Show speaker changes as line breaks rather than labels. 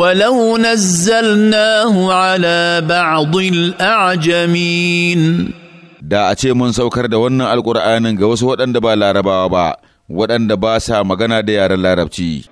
ولو نزلناه على بعض الأعجمين da a ce mun saukar da wannan alkur'anin ga wasu waɗanda ba larabawa ba waɗanda ba sa magana da yaren larabci